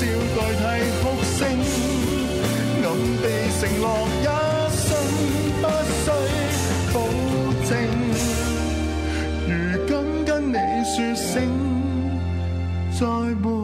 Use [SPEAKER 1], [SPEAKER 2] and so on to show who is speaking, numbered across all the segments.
[SPEAKER 1] 笑代替哭聲，暗地承諾一生，不需保證。如今跟你說聲再會。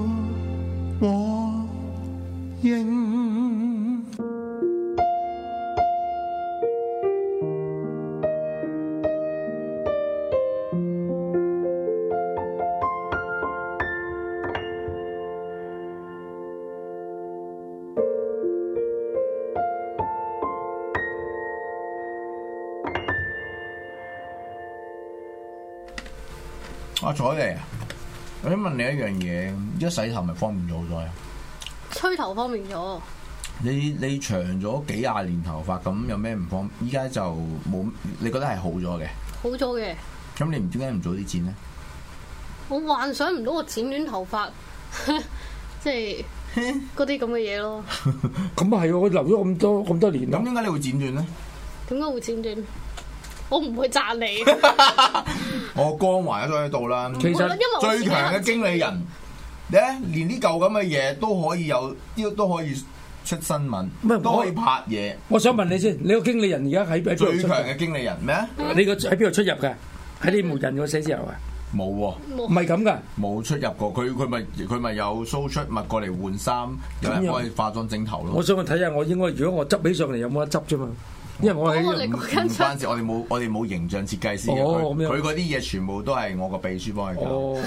[SPEAKER 2] 我嚟啊！我想問你一樣嘢，一洗頭咪方便咗好多啊？
[SPEAKER 3] 吹頭方便咗。
[SPEAKER 2] 你你長咗幾廿年頭髮，咁有咩唔方便？依家就冇，你覺得係好咗嘅？
[SPEAKER 3] 好咗嘅。
[SPEAKER 2] 咁你唔點解唔早啲剪呢？
[SPEAKER 3] 我幻想唔到我剪短頭髮，即係嗰啲咁嘅嘢咯。
[SPEAKER 4] 咁啊係，我留咗咁多咁多年，咁點解你會剪短呢？
[SPEAKER 3] 點解會剪短？我唔
[SPEAKER 2] 會讚你， 我光環喺咗喺度啦。其實最強嘅經理人咧，嗯、連呢舊咁嘅嘢都可以有，都都可以出新聞，麼都可以拍嘢。我想問你先，你個經理人而家喺喺最強嘅經理人咩？你個喺邊度出入嘅？喺啲無人個寫字樓啊？冇、啊，唔係咁噶，冇出入過。佢佢咪佢咪有 show 出，物過嚟換衫，有人可以化妝整頭咯。 我想
[SPEAKER 4] 問睇下，我應該如果我執起上嚟有冇得執啫嘛？
[SPEAKER 2] 因為我哋唔關事，我哋冇我哋冇形象設計師，佢佢嗰啲嘢全部都係我個秘書幫佢搞。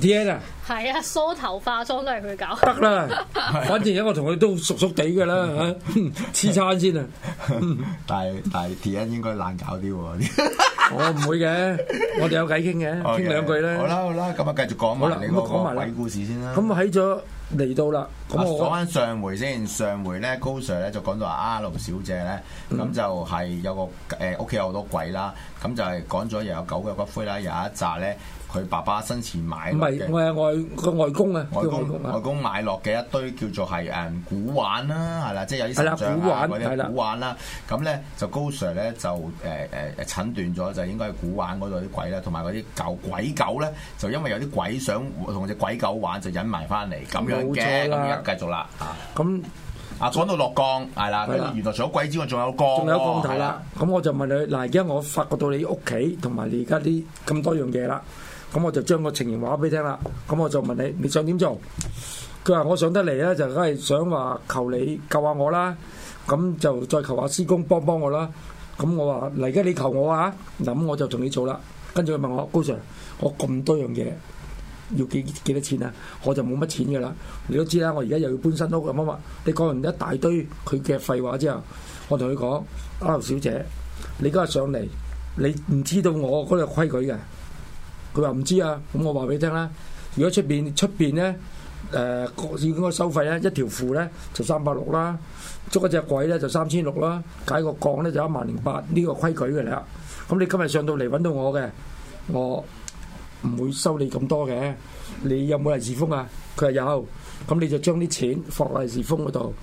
[SPEAKER 2] Tien 啊，
[SPEAKER 3] 係啊，梳頭化妝都係佢搞。得啦，
[SPEAKER 4] 反正而家我同佢都熟熟地噶啦，黐、嗯、餐先啊 但。
[SPEAKER 2] 但係但係 Tien 應該難搞啲。 我唔會嘅，我哋有偈傾嘅，傾兩句咧。好啦好啦，咁啊繼續講，講埋鬼故
[SPEAKER 4] 事先啦。咁啊喺咗嚟到啦，咁我講翻
[SPEAKER 2] 上回先。上回咧，高 sir 咧就講到話啊，盧小姐咧，咁就係有個誒屋企有好多鬼啦，咁就係講咗又有狗嘅骨灰啦，有一集咧。佢爸爸生前買，唔係我外
[SPEAKER 4] 外公啊，外公外公，外公
[SPEAKER 2] 買落嘅一堆叫做係誒古玩啦，係啦，即係有啲古畫或者古玩啦。咁咧就高 Sir 咧就誒誒、呃、診斷咗，就是、應該係古玩嗰度啲鬼啦，同埋嗰啲狗鬼狗咧，就因為有啲鬼想同隻鬼狗玩，就引埋翻嚟咁樣嘅咁樣繼續啦啊！咁啊講到落降，係啦，的的原來除咗鬼之外，仲有降。仲有降頭啦。
[SPEAKER 4] 咁我就問你，嗱，而家我發覺到你屋企同埋你而家啲咁多樣嘢啦。咁我就將個情形話俾你聽啦，咁我就問你，你想點做？佢話我上得嚟咧，就梗係想話求你救下我啦，咁就再求下師公幫幫我啦。咁我話嚟而家你求我啊，嗱咁我就同你做啦。跟住佢問我高 Sir，我咁多樣嘢要幾幾多錢啊？我就冇乜錢噶啦。你都知啦，我而家又要搬新屋咁啊嘛。你講完一大堆佢嘅廢話之後，我同佢講阿小姐，你而家上嚟，你唔知道我嗰個規矩嘅。佢話唔知啊，咁我話俾你聽啦。如果出邊出邊咧，誒，各自應該收費咧，一條符咧就三百六啦，捉一隻鬼咧就三千六啦，解個降咧就一萬零八，呢個規矩嘅啦。咁你今日上到嚟揾到我嘅，我唔會收你咁多嘅。你有冇利是封啊？佢話有，咁你就將啲錢放利是封嗰度，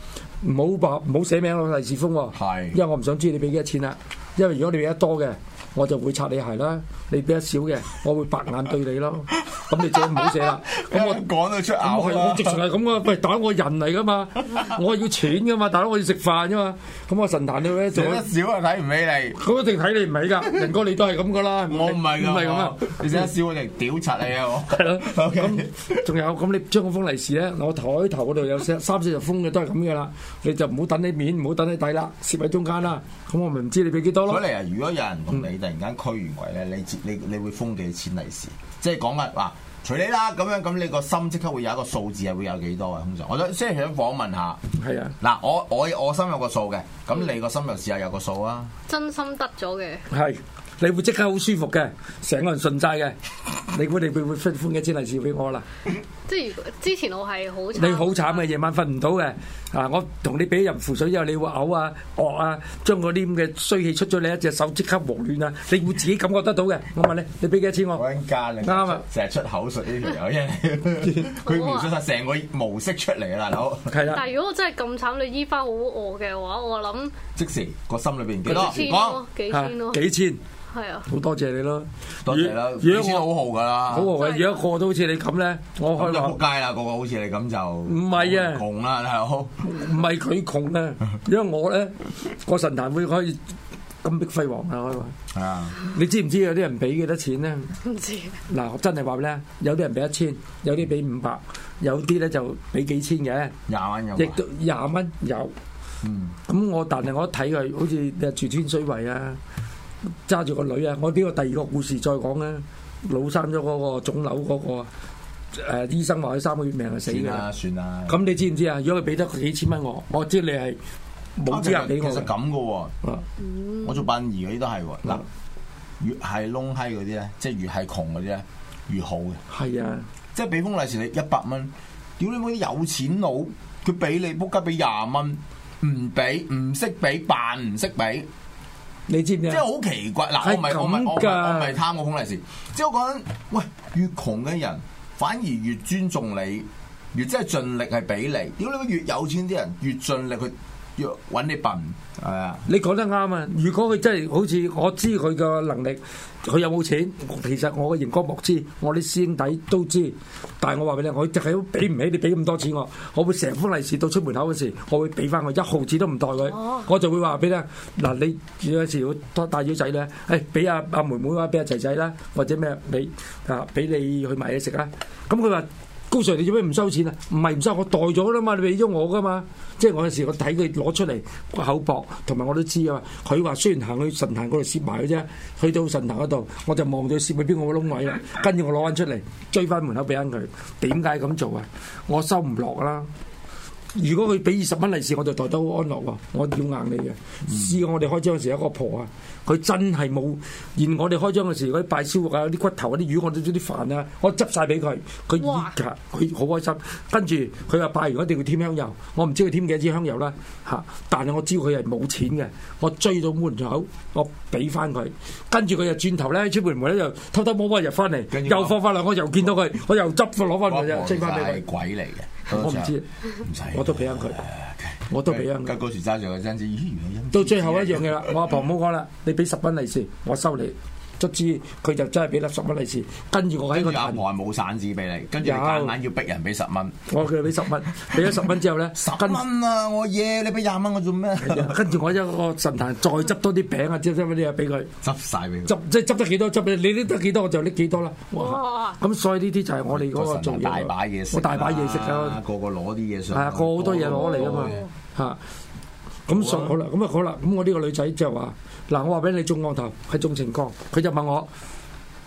[SPEAKER 4] 唔好白，唔好寫名喎，利是封喎，因為我唔想知你俾幾多錢啦。因為如果你俾得多嘅，我就會擦你鞋啦。你俾得少嘅，我會白眼對你咯。咁你最好唔好寫啦。咁我講到出口啦。我直情係咁噶。喂，大佬我人嚟噶嘛，我要錢噶嘛，大佬我要食飯啫嘛。咁我神壇你做少係睇唔起你，咁一定睇你唔起㗎。人哥你都係咁噶啦。我唔係，唔係咁啊。
[SPEAKER 2] 你俾少我成屌柒你啊！我咁
[SPEAKER 4] 仲有，咁你將嗰封利是咧，我台頭嗰度有三三四十封嘅，都係咁噶啦。你就唔好等你面，唔好等你底啦，攝喺中間啦。
[SPEAKER 2] 咁我咪唔知你俾幾多咯。所以啊，如果有人同你突然間區完鬼咧，你你你會封幾錢利是？即係講乜？嗱，隨你啦。咁樣咁，你個心即刻會有一個數字啊，會有幾多啊？通常，我想即係想訪問下。係啊。嗱，我我我心有個數嘅，咁你個心又試下有個數啊？
[SPEAKER 3] 真心得咗嘅。
[SPEAKER 2] 係。你會即刻好舒服嘅，成個人順
[SPEAKER 4] 晒嘅，你估你會你會分寬幾千利是俾我啦？即
[SPEAKER 3] 係如之前我係好，你好
[SPEAKER 4] 慘嘅，夜晚瞓唔到嘅，啊！我同你俾一啖符水之後，你會嘔啊、惡啊，將嗰啲咁嘅衰氣出咗你，一隻手即刻黃亂啊！你會自己感覺得到嘅。我問你，你俾幾多錢我？
[SPEAKER 2] 搵家你、就是，啱啊吧！成日出口術呢條友，因佢描述晒成個模式出嚟噶啦，老 但係
[SPEAKER 3] 如果真係咁慘，你醫翻好我嘅話，我諗
[SPEAKER 2] 即時個心裏邊幾多？千咯，幾千咯，幾千。幾千 係啊，好多謝你咯，多謝啦。
[SPEAKER 4] 如果我好豪噶
[SPEAKER 2] 啦，好豪嘅。
[SPEAKER 4] 如果個個都好似你咁咧，我開就撲街啦。個個好似你咁就唔係啊，窮啦，大佬。唔係佢窮啊！因為我咧個神壇會可以金碧輝煌啊，開話。啊，你知唔知有啲人俾幾多錢咧？唔知。嗱，我真係話咧，有啲人俾一千，有啲俾五百，有啲咧就俾幾千嘅，
[SPEAKER 2] 廿蚊有，亦
[SPEAKER 4] 都廿蚊有。
[SPEAKER 2] 嗯。
[SPEAKER 4] 咁我但係我一睇佢，好似住天水圍啊。揸住個女啊！我呢個第二個故事再講啦。老生咗嗰個腫瘤嗰、嗰個誒、呃，醫生話佢三個月命啊，死啦！算啦算啦。
[SPEAKER 2] 咁你知唔知啊？嗯、如果佢俾得幾千蚊我，我知你係
[SPEAKER 4] 冇資格俾我。其實
[SPEAKER 2] 咁噶喎。嗯、我做殯儀嗰啲都係喎。嗱、嗯，越係窿閪嗰啲咧，即係越係窮嗰啲咧，越好嘅。係啊，即係俾封利是你一百蚊，屌你冇啲有錢佬，佢俾你扑街俾廿蚊，唔俾，唔識俾，扮唔識俾。你知唔知？即係好奇怪，嗱，我唔係我唔係我唔係貪個空利事，即係我講，喂，越窮嘅人反而越尊重你，越即係盡力係俾你。屌你媽，越有錢啲人越盡力去。要揾你笨係啊！ 你
[SPEAKER 4] 講得啱啊！如果佢真係好似我知佢嘅能力，佢有冇錢？其實我嘅熒光幕知，我啲師兄弟都知。但係我話俾你，我就係俾唔起你俾咁多錢我。我會成封利是到出門口嗰時，我會俾翻我一毫子都唔袋佢。我就會話俾你：嗱，你有時要帶住仔咧，誒、哎，俾阿阿妹妹啦，俾阿仔仔啦，或者咩俾啊，俾、啊啊啊啊、你去買嘢食啦。咁佢話。嗯高 Sir，你做咩唔收錢啊？唔係唔收，我袋咗啦嘛，你俾咗我噶嘛。即係我有時我睇佢攞出嚟個口薄，同埋我都知啊。佢話雖然行去神壇嗰度攝埋佢啫，去到神壇嗰度我就望到攝去邊個窿位啦。跟住我攞翻出嚟追翻門口俾翻佢。點解咁做啊？我收唔落啦。如果佢俾二十蚊利是，我就代得好安樂喎。我要硬你嘅。試我哋開張嗰時，有一個婆啊，佢真係冇。而我哋開張嗰時，佢拜燒肉啊，啲骨頭啊，啲魚，我煮啲飯啊，我執晒俾佢。佢佢好開心。跟住佢話拜完，一定要添香油。我唔知佢添幾多支香油啦。嚇！但係我知佢係冇錢嘅。我追到門口，我俾翻佢。跟住佢就轉頭咧，出門門咧又偷偷摸摸入
[SPEAKER 2] 翻嚟，又
[SPEAKER 4] 放翻嚟。我又見到佢，我又執佢攞翻嚟啫。蒸翻俾佢。係
[SPEAKER 2] 鬼嚟嘅。多多我唔知，我都俾翻佢，啊、我都俾翻佢。嗰時揸住個陰子，咦，到最後一
[SPEAKER 4] 樣嘢啦，我阿婆唔好講啦，你俾十蚊利是，我收你。卒之佢就真係俾粒十蚊利
[SPEAKER 2] 是，跟住我喺個神壇冇散紙俾你，跟住硬硬要逼人俾十蚊。 我叫佢俾十蚊，俾咗十蚊之後咧， 十蚊啊！跟我嘢你俾廿蚊我做咩？
[SPEAKER 4] 跟住我一個神壇再執多啲餅啊，啲乜嘢俾佢執晒俾佢，即係執得幾多執，你你得幾多我就拎幾多啦。
[SPEAKER 1] 咁哇
[SPEAKER 4] 所以呢啲就係我哋嗰個，個大把嘢食，我大把嘢食啊，個個攞啲嘢上係啊，個好多嘢攞嚟啊嘛嚇。咁熟好啦，咁啊好啦，咁我呢個女仔就話：嗱，我話俾你，中案頭係中情光，佢就問我，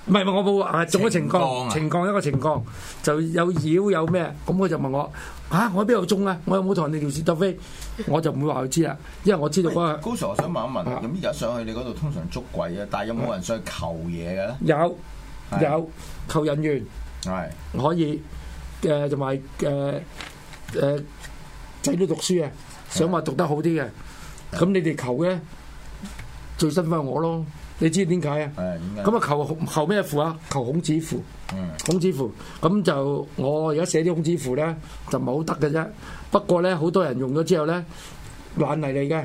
[SPEAKER 4] 唔係，我冇啊，中咗情光，情光一個情光，就有妖有咩？咁我就問我：，吓，我喺邊度中咧？我有冇同你條線斗飛？我就唔會話佢知啦，因為我知道嗰個
[SPEAKER 2] 高 Sir。我想問一問，咁而家上去你嗰度通常捉鬼啊？但係有冇人上去求嘢嘅
[SPEAKER 4] 咧？有有求人緣，係可以嘅，同埋嘅誒仔女讀書啊！想話讀得好啲嘅，咁你哋求嘅最新翻我咯，你知點解啊？係點解？咁啊求求咩符啊？求孔子符。孔子符，咁就我而家寫啲孔子符咧，就唔係好得嘅啫。不過咧，好多人用咗之後咧，爛泥嚟嘅，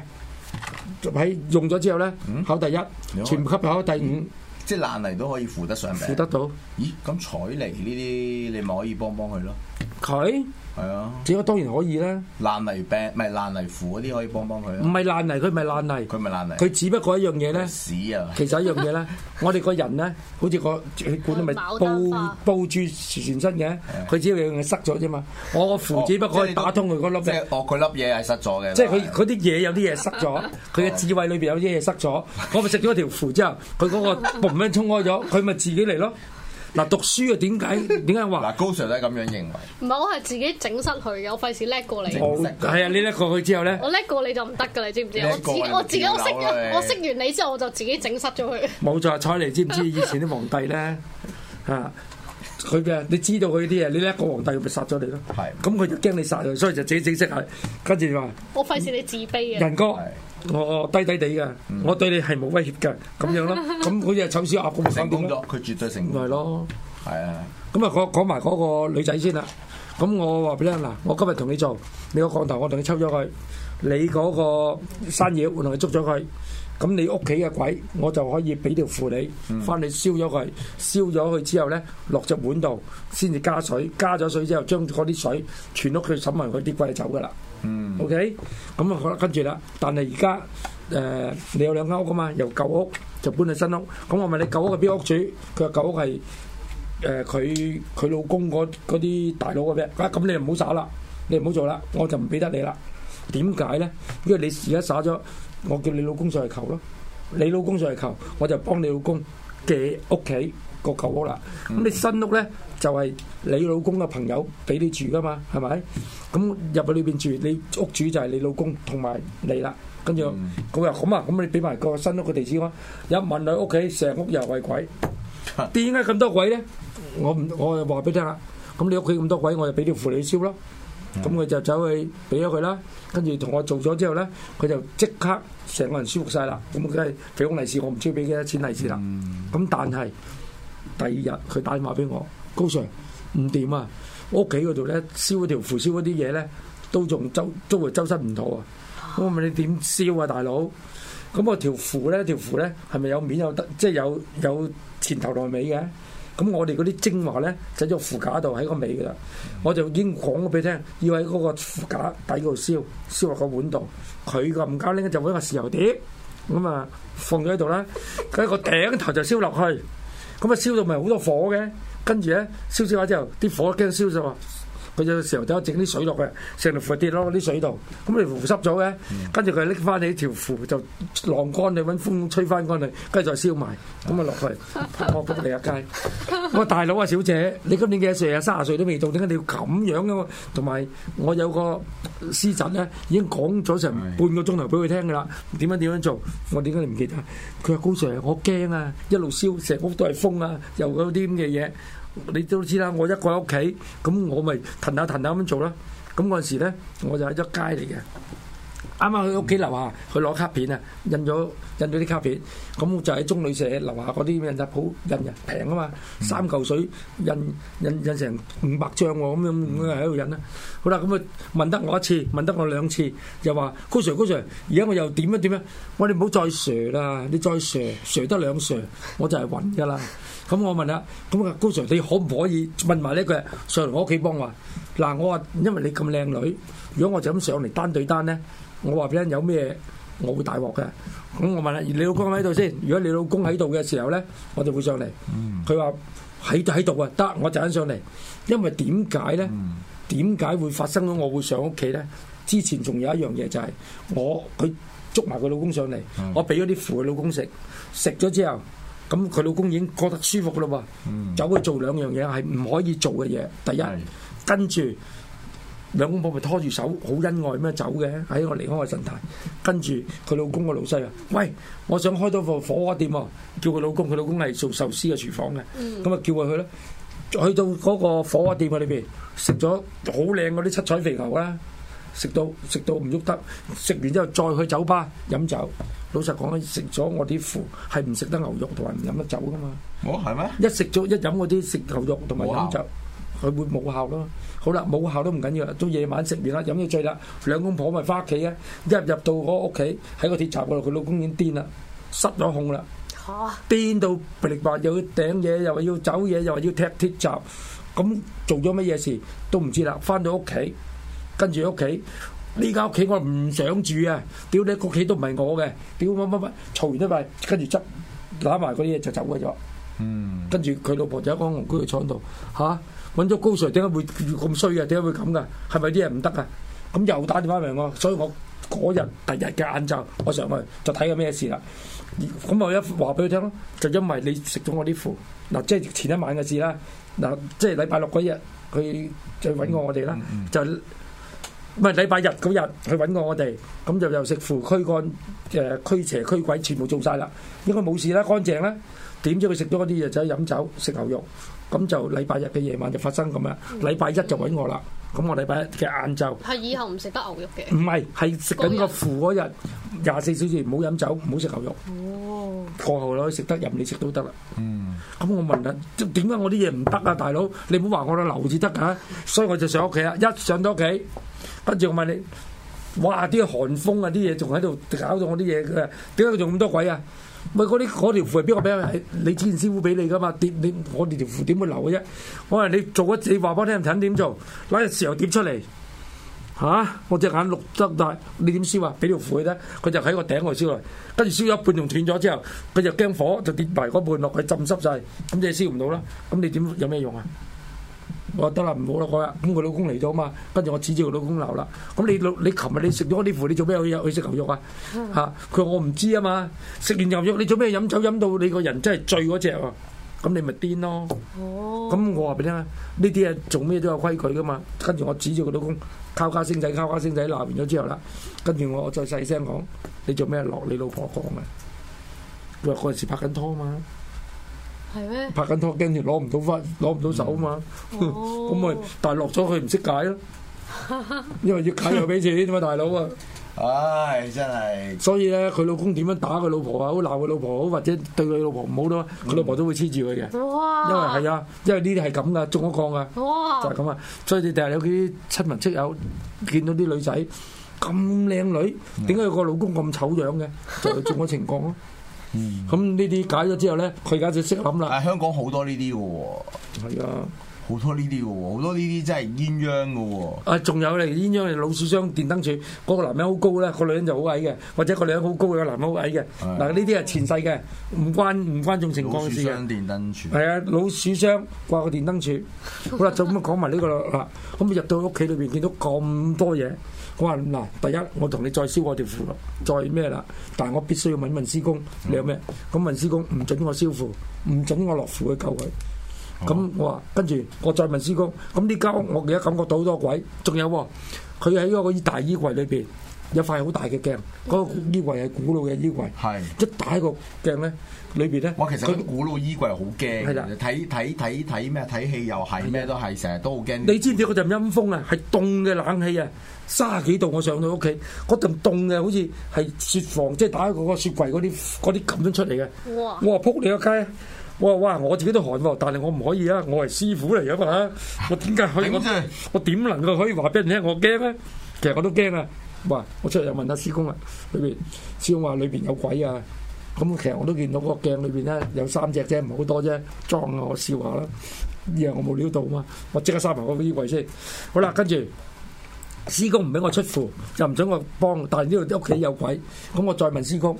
[SPEAKER 4] 喺用咗之後咧，考第一，全部級考第五。
[SPEAKER 2] 即係爛泥都可以扶得上名。扶得到。咦？咁彩嚟呢啲，你咪可以幫幫佢咯。佢？係啊，只可當然可以啦。爛泥病唔係爛泥符，嗰啲可以幫幫佢，唔係
[SPEAKER 4] 爛泥，佢唔係爛泥。佢唔係爛泥。佢只不過一樣嘢咧。屎啊！其實一樣嘢啦。我哋個人咧，好似個血管咪佈佈住全身嘅，佢只要一樣嘢塞咗啫嘛。我個符只不過去打通佢嗰粒嘅。哦，佢粒
[SPEAKER 2] 嘢係塞咗嘅。即係佢
[SPEAKER 4] 嗰啲嘢，有啲嘢塞咗，佢嘅 智慧裏邊有啲嘢塞咗。 我咪食咗條符之後，佢嗰 個泵咧衝開咗，佢咪自己嚟咯。嗱，讀書啊？點解？點解話？嗱，高 Sir 都係咁樣認
[SPEAKER 3] 為。唔係，我係自己整失佢嘅，我費事叻過你。
[SPEAKER 4] 係啊，你叻過佢之後咧。
[SPEAKER 3] 我叻過你就唔得噶啦，知唔知？我我自己我識啦，我識完你之後我就自己整失咗佢。
[SPEAKER 4] 冇錯，采妮，知唔知以前啲皇帝咧？嚇，佢嘅你知道佢啲啊，你叻過皇帝咪殺咗你咯？係。咁佢就驚你殺佢，所以就自己整失下，跟住話。
[SPEAKER 3] 我費事你自卑啊！仁哥。
[SPEAKER 4] 我我低低地噶，我對你係冇威脅噶，咁樣咯。咁嗰隻醜小鴨咁點？成工作佢絕對成功。係咯，
[SPEAKER 2] 係啊。
[SPEAKER 4] 咁啊，講講埋嗰個女仔先啦。咁我話俾你聽嗱，我今日同你做，你個降頭我同你抽咗佢，你嗰個山嘢我同你捉咗佢。咁你屋企嘅鬼，我就可以俾條符你，翻去燒咗佢。燒咗佢之後咧，落隻碗度，先至加水，加咗水之後，將嗰啲水全屋佢，洗埋佢啲鬼走噶啦。嗯，OK，咁啊，好啦，跟住啦。但係而家，誒，你有兩間屋噶嘛？由舊屋就搬去新屋。咁我問你舊屋係邊屋主？佢話舊屋係誒佢佢老公嗰嗰啲大佬嘅咩？啊，咁你又唔好耍啦，你唔好做啦，我就唔俾得你啦。點解咧？因為你而家耍咗，我叫你老公上嚟求咯。你老公上嚟求，我就幫你老公嘅屋企個舊屋啦。咁你新屋咧？就係你老公嘅朋友俾你住噶嘛，係咪？咁入去裏邊住，你屋主就係你老公同埋你啦。跟住我話：咁啊，咁你俾埋個新屋嘅地址我。一問佢屋企，成屋又係鬼。點解咁多鬼咧？我唔，我話俾你聽啦。咁你屋企咁多鬼，我就俾條符你燒咯。咁佢就走去俾咗佢啦。跟住同我做咗之後咧，佢就即刻成個人舒服曬啦。咁佢係俾封利是，我唔知要俾幾多錢利是啦。咁但係第二日佢打電話俾我。高 Sir 唔掂啊！屋企嗰度咧，燒嗰條符，燒嗰啲嘢咧，都仲周足，係周身唔妥啊！我問你點燒啊，大佬？咁我條符咧，條符咧係咪有面有得，即係有有前頭同尾嘅？咁我哋嗰啲精華咧，就喺個符架度喺個尾㗎啦。我就已經講咗俾你聽，要喺嗰個符架底嗰度燒，燒落個碗度。佢個唔夠拎就一個豉油碟咁啊，放咗喺度啦。佢喺個頂頭就燒落去，咁啊燒到咪好多火嘅。跟住咧燒燒下之後，啲火驚燒咗，佢有時候就整啲水落去，成條符跌落啲水度，咁咪浮濕咗嘅。跟住佢拎翻起條符就晾乾佢，揾風吹翻乾佢，跟住再燒埋，咁啊落去破屋嚟啊街。我話大佬啊，小姐，你今年幾多歲啊？卅歲都未到，點解你要咁樣嘅？同埋我有個師侄咧，已經講咗成半個鐘頭俾佢聽㗎啦，點樣點樣做。我點解你唔記得？佢話高 Sir，我驚啊！一路燒，成屋都係風啊，又有啲咁嘅嘢。你都知啦，我一個喺屋企，咁我咪騰下騰下咁做啦。咁嗰陣時咧，我就喺咗街嚟嘅。啱啱去屋企樓下，佢攞卡片啊，印咗印咗啲卡片，咁就喺中旅社樓下嗰啲印刷鋪印人平啊嘛，三嚿水印印印，印成五百張喎，咁樣喺度印啦。好啦，咁啊問得我一次，問得我兩次，又話高 Sir 高 Sir，而家我又點啊點啊，我哋唔好再 Sir 啦，你再 Sir，Sir 得兩 Sir，我就係暈噶啦。咁我問啦，咁啊高 Sir，你可唔可以問埋咧佢上嚟我屋企幫我？嗱，我話因為你咁靚女，如果我就咁上嚟單對單咧？我話俾人有咩，我會大鑊嘅。咁我問啦，你老公喺度先？如果你老公喺度嘅時候咧，我就會上嚟。佢話喺度喺度啊，得，我就上嚟。因為點解咧？點解、嗯、會發生到我會上屋企咧？之前仲有一樣嘢就係、是、我佢捉埋佢老公上嚟，嗯、我俾咗啲符佢老公食，食咗之後，咁佢老公已經覺得舒服咯喎，走去、嗯、做兩樣嘢係唔可以做嘅嘢。第一，是跟住。兩公婆咪拖住手，好恩愛咁樣走嘅，喺我離開嘅陣間。跟住佢老公個老細啊，喂，我想開多個火鍋店啊，叫佢老公，佢老公係做壽司嘅廚房嘅，咁啊、嗯、叫佢去啦。去到嗰個火鍋店啊裏邊，食咗好靚嗰啲七彩肥牛啦，食到食到唔喐得，食完之後再去酒吧飲酒。老實講，食咗我啲符係唔食得牛肉同埋唔飲得酒㗎嘛。哦，係咩？一食咗一飲我啲食牛肉同埋飲酒。佢會冇效咯。好啦，冇效都唔緊要啦。到夜晚食完啦，飲咗醉啦，兩公婆咪返屋企啊。一入到嗰個屋企，喺個鐵閘嗰度，佢老公已經癲啦，失咗控啦。
[SPEAKER 1] 嚇！
[SPEAKER 4] 癲到白零白，又要頂嘢，又話要走嘢，又話要踢鐵閘。咁做咗乜嘢事都唔知啦。返到屋企，跟住屋企呢間屋企，我唔想住啊！屌你屋企都唔係我嘅，屌乜乜乜，嘈完都咪跟住執攬埋嗰啲嘢就走嘅咗。嗯。跟住佢老婆就喺工廠度，嚇。揾咗高 Sir 點解會咁衰嘅？點解會咁噶？係咪啲嘢唔得啊？咁又打電話嚟我，所以我嗰日第日嘅晏晝，我上去就睇下咩事啦。咁我一話俾佢聽咯，就因為你食咗我啲符嗱，即係前一晚嘅事啦。嗱，即係禮拜六嗰日佢再揾過我哋啦，就唔係禮拜日嗰日佢揾過我哋，咁就又食符驅幹誒驅邪，驅邪，驅鬼，全部做晒啦，應該冇事啦，乾淨啦。點知佢食咗嗰啲嘢，就飲酒食牛肉。咁就禮拜日嘅夜晚就發生咁樣，嗯、禮拜一就揾我啦。咁我禮拜一嘅晏晝
[SPEAKER 3] 係以後唔食得牛肉嘅，
[SPEAKER 4] 唔係係食緊個符嗰日廿四小時唔好飲酒，唔好食牛肉。哦，過後咧食得任你食都得啦。
[SPEAKER 1] 嗯，
[SPEAKER 4] 咁我問啊，點解我啲嘢唔得啊，大佬？你唔好話我啦留住得㗎，所以我就上屋企啦。一上到屋企，跟住我問你，哇！啲寒風啊，啲嘢仲喺度搞到我啲嘢嘅，點解佢仲咁多鬼啊？咪嗰啲嗰條符係邊個俾啊？係你之前師傅俾你噶嘛？跌你我哋條符點會流嘅啫？我話你做一，你話俾我聽唔準點做，攞啲石油點出嚟嚇、啊？我隻眼碌得大，你點燒啊？俾條符佢啦，佢就喺個頂度燒落，跟住燒咗一半仲斷咗之後，佢就驚火就跌埋嗰半落去浸濕晒。咁你係燒唔到啦。咁你點有咩用啊？我話得啦，唔好啦，我話，咁佢老公嚟咗嘛，跟住我指住佢老公鬧啦。咁你老你琴日你食咗啲符，你做咩去去食牛肉啊？嚇、啊！佢話我唔知啊嘛。食完牛肉你做咩飲酒飲到你個人真係醉嗰隻啊？咁你咪癲咯。哦。
[SPEAKER 1] 咁
[SPEAKER 4] 我話俾你聽啊，呢啲啊做咩都有規矩噶嘛。跟住我指住佢老公，敲家聲仔，敲家聲仔鬧完咗之後啦，跟住我再細聲講，你做咩落你老婆講啊？佢話陣時拍緊拖嘛。係咩？拍緊拖驚住攞唔到返，攞唔到手啊嘛！咁咪但係落咗佢唔識解咯，因為要解又俾錢嘛，大佬啊！唉，真係。所以咧，佢老公點樣打佢老婆啊？好鬧佢老婆好，或者對佢老婆唔好咯？佢老婆都會黐住佢嘅。哇！因為係啊，因為呢啲係咁噶，中咗降噶，就係咁啊！所以你第日有啲親朋戚友見到啲女仔咁靚女，點解個老公咁醜樣嘅？就係中咗情降咯。咁呢啲解咗之後咧，佢而家就識諗啦。啊，香港好多呢啲嘅喎。係啊，好多呢啲嘅喎，好多呢啲真係鴛鴦嘅喎、哦。啊，仲有例如鴛鴦係老鼠箱、電燈柱，嗰個男人好高咧，個女人就好矮嘅；或者個女人好高嘅，個男人好矮嘅。嗱、啊，呢啲係前世嘅，唔關唔關種情況事，老鼠箱、
[SPEAKER 2] 電燈柱，係
[SPEAKER 4] 啊，老鼠箱掛個電燈柱。 好啦，就咁講埋呢個啦。咁入到屋企裏邊，見到咁多嘢。我話嗱，第一我同你再燒我條符，再咩啦？但係我必須要問一問師公，你有咩？咁問師公，唔准我燒符，唔准我落符去救佢。咁我話，跟住我再問師公，咁呢間屋我而家感覺到好多鬼，仲有喎、哦，佢喺嗰個大衣櫃裏邊。有塊好大嘅鏡，嗰、那個衣櫃係古老嘅衣櫃，係
[SPEAKER 2] 是一打個鏡咧，裏邊咧，我其實嗰啲古老衣櫃好驚，睇睇睇睇咩睇戲又係咩的都係，成日都好驚。你知唔知嗰陣陰風啊？係凍嘅冷氣啊，
[SPEAKER 4] 卅幾度我上到屋企，嗰陣凍嘅好似係雪房，即、就、係、是、打開嗰個雪櫃嗰啲嗰啲咁樣出嚟嘅哇。哇！我話仆你個街，我話哇，我自己都寒喎，但係我唔可以啊，我係師傅嚟噶嘛，我點解可以？啊、等等我點能夠可以話俾人聽我驚咧？其實我都驚啊！哇！我出嚟又問下師公啊，裏邊師公話裏邊有鬼啊！咁、嗯、其實我都見到嗰個鏡裏邊咧有三隻啫，唔係好多啫，裝啊！我笑下啦，啲嘢我冇料到嘛，我即刻閂埋個衣櫃先。好啦，跟住師公唔俾我出庫，又唔準我幫，但係呢度啲屋企有鬼，咁、嗯、我再問師公。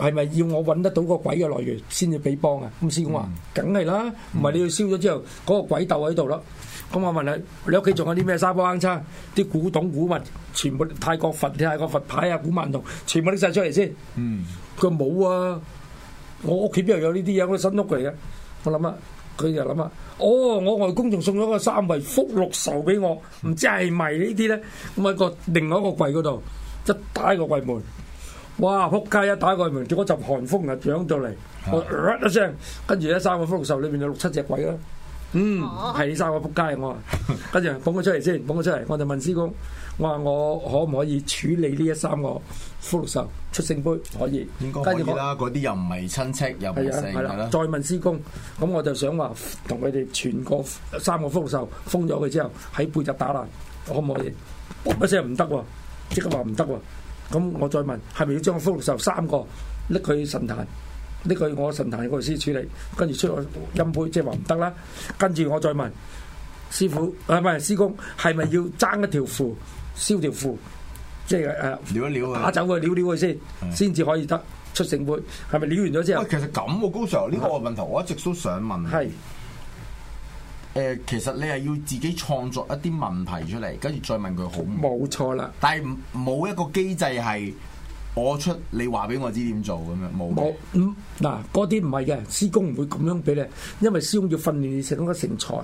[SPEAKER 4] 係咪要我揾得到個鬼嘅來源先至俾幫啊？咁師傅話：梗係啦，唔係你要燒咗之後，嗰個鬼竇喺度咯。咁我問你，你屋企仲有啲咩沙煲罌罉、啲古董古物，全部泰國佛、泰國佛牌啊、古曼童，全部拎曬出嚟先。嗯，佢冇啊，我屋企邊度有呢啲嘢？我新屋嚟嘅。我諗啊，佢就諗啊，哦，我外公仲送咗個三圍福祿壽俾我，唔知係咪呢啲咧？咁喺個另外一個櫃嗰度，一打個櫃門，哇！仆街一、啊、打開門，結果集寒風啊響到嚟，啊、我一聲，跟住咧三個福祿壽裏邊有六七隻鬼啦、啊。嗯，係你、啊、三個仆街我、啊。跟住 捧佢出嚟先，捧佢出嚟，我就問師公：我話我可唔可以處理呢一三個福祿壽出聖杯？可以。應該可以啦，
[SPEAKER 2] 嗰啲又唔係親戚，又唔係。
[SPEAKER 4] 再問師公，咁我就想話同佢哋全個三個福祿壽封咗佢之後，喺背脊打爛，可唔可以？一聲唔得喎，即刻話唔得喎。咁我再問，係咪要將福祿壽三個拎去神壇，拎去我神壇嗰度先處理，跟住出個陰杯，即係話唔得啦。跟住我再問師傅，啊唔係師公，係咪要爭一條符，燒條符，即係、啊、誒，撩一撩打走佢撩撩佢先，先至是的 可以得出
[SPEAKER 2] 聖杯，係咪撩完咗之後？其實咁嘅，啊、高 Sir，呢個問題我一直都想問。誒，其實你係要自己創作一啲問題出嚟，跟住再問佢好唔好？冇錯啦。但係冇一個機制係我出，你話俾我知點做咁樣冇。冇，嗯嗱，嗰啲唔係嘅，師公唔會咁樣俾你，因為師公要訓練你
[SPEAKER 4] 成個成才，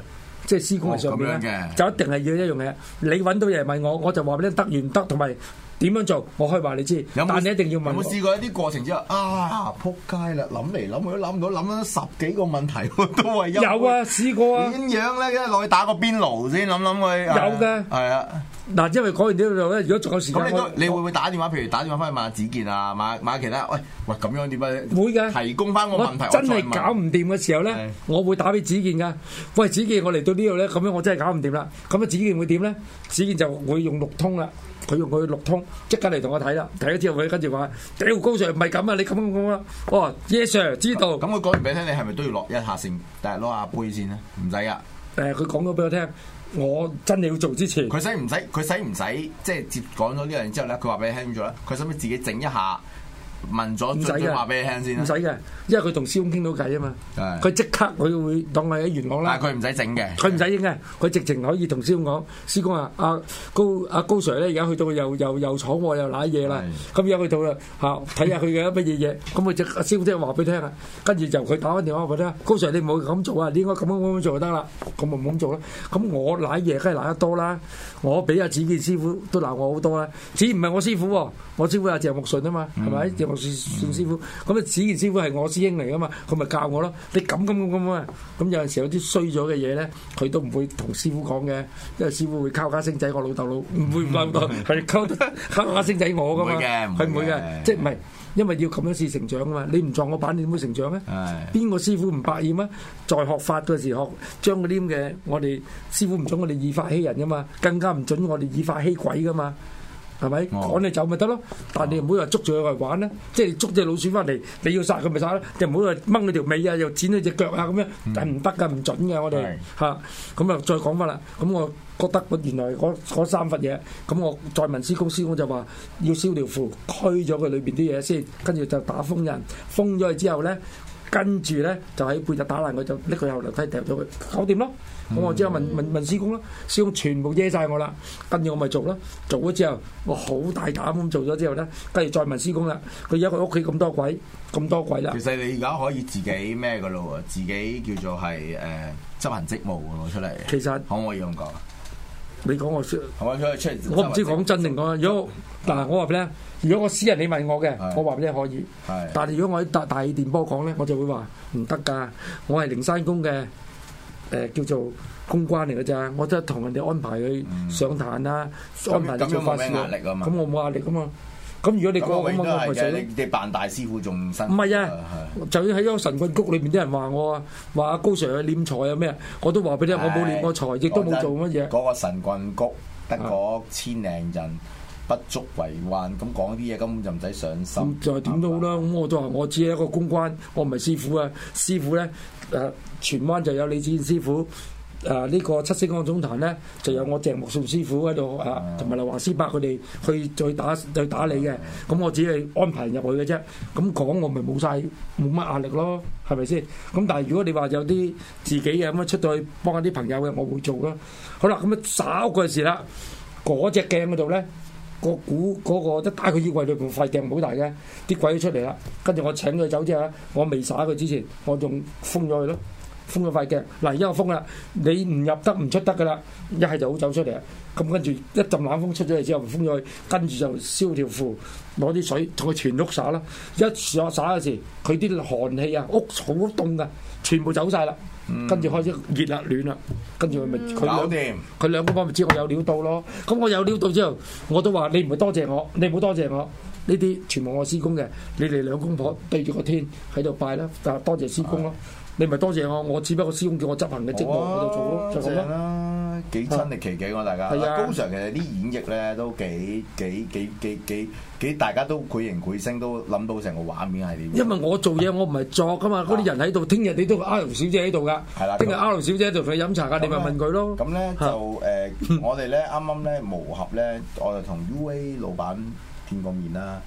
[SPEAKER 4] 即係師公上面嘅，哦、就一定係要一樣嘢。你揾到嘢咪我，我就話俾你得完得同埋。點樣做？我可以話你知，有有但你一定要問我。有冇試
[SPEAKER 2] 過一啲過程之後啊？撲街啦！諗嚟諗去都諗唔到，諗咗十幾個問題， 都係有有啊！試過啊！點樣咧？一係我去打個邊爐先，諗諗佢。有嘅的。係啊。嗱，因為講完呢度咧，如果仲有時間，你我你會唔會打電話？譬如打電話翻去問下子健啊，買買其他？喂喂，咁樣點啊？會嘅的，提供翻個問題，真係搞
[SPEAKER 4] 唔掂嘅時候咧，的我會打俾子健噶。喂，子健我，我嚟到呢度咧，咁樣我真係搞唔掂啦。咁啊，子健會點咧？子健就會用六通啦。佢用佢六通，即刻嚟同我睇啦。睇咗之後，佢跟住話：屌高 Sir 唔係咁啊！你咁樣
[SPEAKER 2] 講啦、啊。哦說，Yes Sir，知道。咁佢講完俾你聽，你係咪都要落一下先，但係攞下杯先咧？唔使啊。但佢講咗俾我聽。我真係要做之前，佢使唔使？佢使唔使？即係接講咗呢樣嘢之後咧，佢話俾你聽咗做咧？佢使唔使自己整一下？問咗先，先話俾你聽先啦。唔使
[SPEAKER 4] 嘅，因為佢同師公傾到偈啊嘛。佢即刻佢會當係喺元朗啦。但係佢唔使整嘅。佢唔使應嘅，佢直情可以同師公講：師公啊，阿高阿高 Sir 咧，而家去到又又又闖禍又瀨嘢啦。咁而家去到啦嚇，睇下佢嘅乜嘢嘢。咁我就阿師公聽話俾聽啊。跟住由佢打翻電話俾咧，高 Sir 你唔好咁做啊，你應該咁樣咁樣做就得啦。咁咪唔好做啦。咁我瀨嘢梗係瀨得多啦。我比阿子健師傅都鬧我好多啦。子唔係我師傅喎，我師傅阿謝木順啊嘛，係咪？宋師傅，咁啊子賢師傅係我師兄嚟啊嘛，佢咪教我咯。你咁咁咁啊，咁有陣時有啲衰咗嘅嘢咧，佢都唔會同師傅講嘅，因為師傅會敲家星仔，我老豆佬，唔會唔係咁講，係靠靠家升仔我噶 嘛，係唔會嘅，即係唔係因為要咁樣先成長啊嘛，你唔撞我板，你點會成長咧？邊的個師傅唔百厭啊？在學法嗰時學將啲咁嘅，我哋師傅唔准我哋以法欺人噶嘛，更加唔准我哋以法欺鬼噶嘛。係咪趕你走咪得咯？但係你唔好話捉住佢去玩啦，即係捉隻老鼠翻嚟，你要殺佢咪殺啦，就唔好話掹佢條尾啊，又剪佢隻腳啊咁樣，係唔得噶，唔準噶，我哋嚇咁啊，再講翻啦。咁我覺得我原來嗰三忽嘢，咁我再問師公師傅我就話要燒條符，驅咗佢裏邊啲嘢先，跟住就打封印，封咗佢之後咧，跟住咧就喺背脊打爛佢，就拎佢後樓梯掉咗佢，搞掂咯。我我之後問、嗯、問問師公咯，師公全部遮晒我啦，跟住我咪做咯，做咗之後我好大膽咁做咗之後咧，跟住再問師公啦，佢而家佢屋企咁多鬼，
[SPEAKER 2] 咁多鬼啦。其實你而家可以自己咩噶咯，自己叫做係誒執行職務攞出嚟。其實可唔可以咁講？你講我，說我出可我唔知講
[SPEAKER 4] 真定講。如果但係、嗯啊、我話畀你，如果我私人你問我嘅，是我話畀你可以，係是。但係如果我喺大大氣電波講咧，我就會話唔得噶。我係靈山工嘅。誒叫做公關嚟嘅咋，我都係同人哋安排去上壇啦，嗯、安排做發言啊。咁我冇壓力啊嘛。咁我冇壓力噶、啊、嘛。咁如果你講、嗰個，應該係嘅。就係、
[SPEAKER 2] 你扮大師傅仲唔新？唔係啊，
[SPEAKER 4] 啊是就要喺一個神棍谷裏面啲人話我啊，話高 Sir 去斂財啊咩我都話俾你，唉我冇斂過財，亦都冇做
[SPEAKER 2] 乜嘢。嗰、嗰個神棍谷得嗰千零人、啊、不足為患，咁講啲嘢根本就唔使上心。
[SPEAKER 4] 就係點都好啦，咁、啊、我都話我只係一個公關，我唔係師傅啊。師傅咧誒。啊荃灣就有李志健師傅，誒、呃、呢、呢個七星安總壇咧，就有我鄭木素師傅喺度啊，同埋劉華師伯佢哋去再打再打你嘅，咁、嗯、我只係安排人入去嘅啫。咁、嗯、講我咪冇晒，冇乜壓力咯，係咪先？咁、嗯、但係如果你話有啲自己嘅咁樣出到去幫下啲朋友嘅，我會做咯。好啦，咁啊耍屋嗰陣時啦，嗰隻鏡嗰度咧，嗰個古嗰、嗰個都打個妖怪，裡面塊鏡好大嘅，啲鬼都出嚟啦。跟住我請佢走啫，我未耍佢之前，我仲封咗佢咯。封咗塊鏡，嗱，一係封啦，你唔入得，唔出得噶啦，一係就好走出嚟。咁跟住一陣冷風出咗嚟之後，封咗去，跟住就燒條符，攞啲水同佢全屋灑啦。一我灑嗰時，佢啲寒氣啊，屋好凍噶，全部走晒啦、嗯。跟住開始熱啦，暖啦兩，跟住佢咪佢兩公佢兩公婆咪知我有料到咯。咁我有料到之後，我都話你唔係多謝我，你唔好多謝我，呢啲全部我師公嘅，你哋兩公婆對住個天喺度拜啦，就多謝師公咯。嗯.你咪多謝我，我只不過師兄叫我執行嘅職務喺度做
[SPEAKER 2] 咯，就咁啦，幾親歷其境啊大家。係啊，高 Sir 其實啲演繹咧都幾幾幾幾幾幾，大家都繪形繪聲都諗到成個畫面係點。
[SPEAKER 4] 因為我做嘢我唔係作噶嘛，嗰啲人喺度，聽日你都阿龍小姐喺度噶，聽日阿龍小姐
[SPEAKER 2] 喺度佢飲茶噶，你咪問佢咯。咁咧就誒，我哋咧啱啱咧磨合咧，我就同 UA 老闆見過面啦。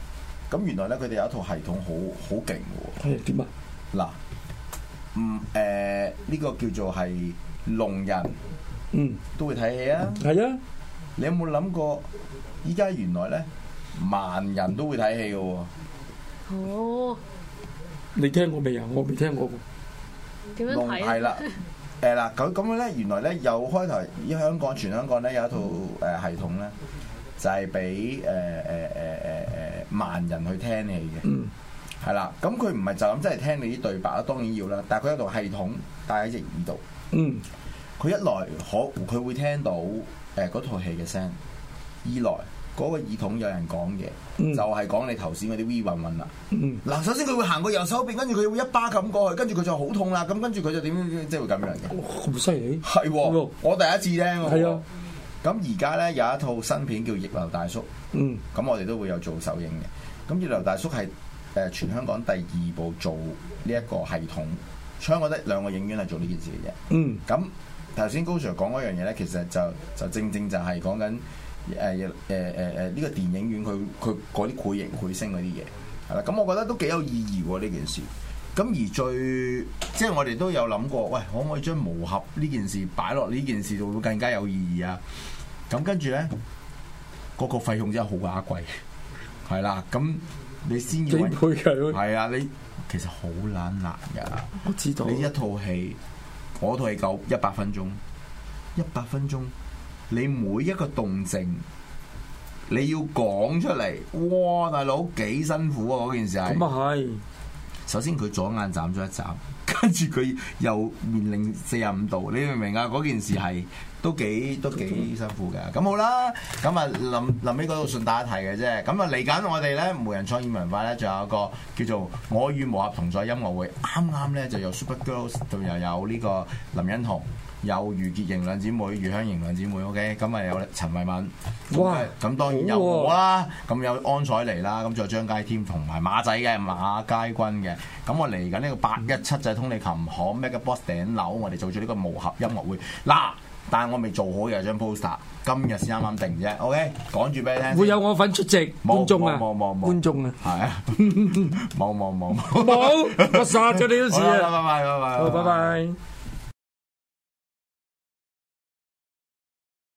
[SPEAKER 2] 咁原來咧佢哋有一套系統好好勁嘅喎。係點啊？嗱。唔誒，呢個叫做係聾人，嗯，都會睇戲啊。係啊，你有冇諗過？依家原來咧，萬人都會睇戲嘅、啊、喎。哦，oh, 你聽過未啊？我未聽過。
[SPEAKER 3] 點樣睇啊？係啦，
[SPEAKER 2] 誒嗱咁咁樣咧，原來咧又開台，依香港全香港咧有一套誒系統咧，就係俾誒誒誒誒誒萬人去聽戲嘅。嗯。係啦，咁佢唔係就咁即係聽你啲對白啦，當然要啦。但係佢有套系統戴喺隻耳度，嗯，佢一來可佢會聽到誒嗰套戲嘅聲，二來嗰個耳筒有人講嘢，就係講你頭先嗰啲 V 運運啦。嗯，嗱，首先佢會行過右手邊，跟住佢會一巴咁過去，跟住佢就好痛啦。咁跟住佢就點即係會咁樣嘅？咁犀利？係，我第一次聽。係啊，咁而家咧有一套新片叫《逆流大叔》，嗯，咁我哋都會有做首映嘅。咁《逆流大叔》係。誒，全香港第二部做呢一個系統，所以我覺得兩個影院係做呢件事嘅啫。嗯，咁頭先高 Sir 講嗰樣嘢咧，其實就就正正就係講緊誒誒誒誒呢個電影院佢佢嗰啲繪形繪聲嗰啲嘢，係啦。咁我覺得都幾有意義喎呢件事。咁而最即係我哋都有諗過，喂，可唔可以將磨合呢件事擺落呢件事度會更加有意義啊？咁跟住咧，嗰個費用真係好鬼貴，係啦，咁。你先要係啊！你其實好難難噶，我知道你一套戲，我套戲夠一百分鐘，一百分鐘，你每一個動靜，你要講出嚟，哇！大佬幾辛苦啊！嗰件事係，係首先佢左眼眨咗一眨，跟住佢又面零四十五度，你明唔明啊？嗰件事係。都幾都幾辛苦㗎，咁 好啦。咁啊，臨臨尾嗰度順帶一提嘅啫。咁啊，嚟緊我哋咧無人創意文化咧，仲有一個叫做《我與無合同在音樂會》。啱啱咧就有 Super Girls，仲又有呢個林欣彤，有余潔瑩兩姊妹，余香瑩兩姊妹，OK。咁啊有陳慧敏哇，咁當然有我啦。咁、哦、有安采妮啦，咁仲有張佳添同埋馬仔嘅馬佳君嘅。咁我嚟緊呢個八一七就係通利琴行 mega box s 頂樓， 我哋做咗呢個無合音樂會嗱。但係我未做好嘅張 poster，今日先啱啱定啫。OK，講住俾你聽。會
[SPEAKER 4] 有我份出席觀眾啊！冇冇冇，觀眾啊，係啊，冇冇冇
[SPEAKER 1] 冇
[SPEAKER 2] 冇，
[SPEAKER 4] 我殺咗你啲事啊！拜拜拜拜，拜拜。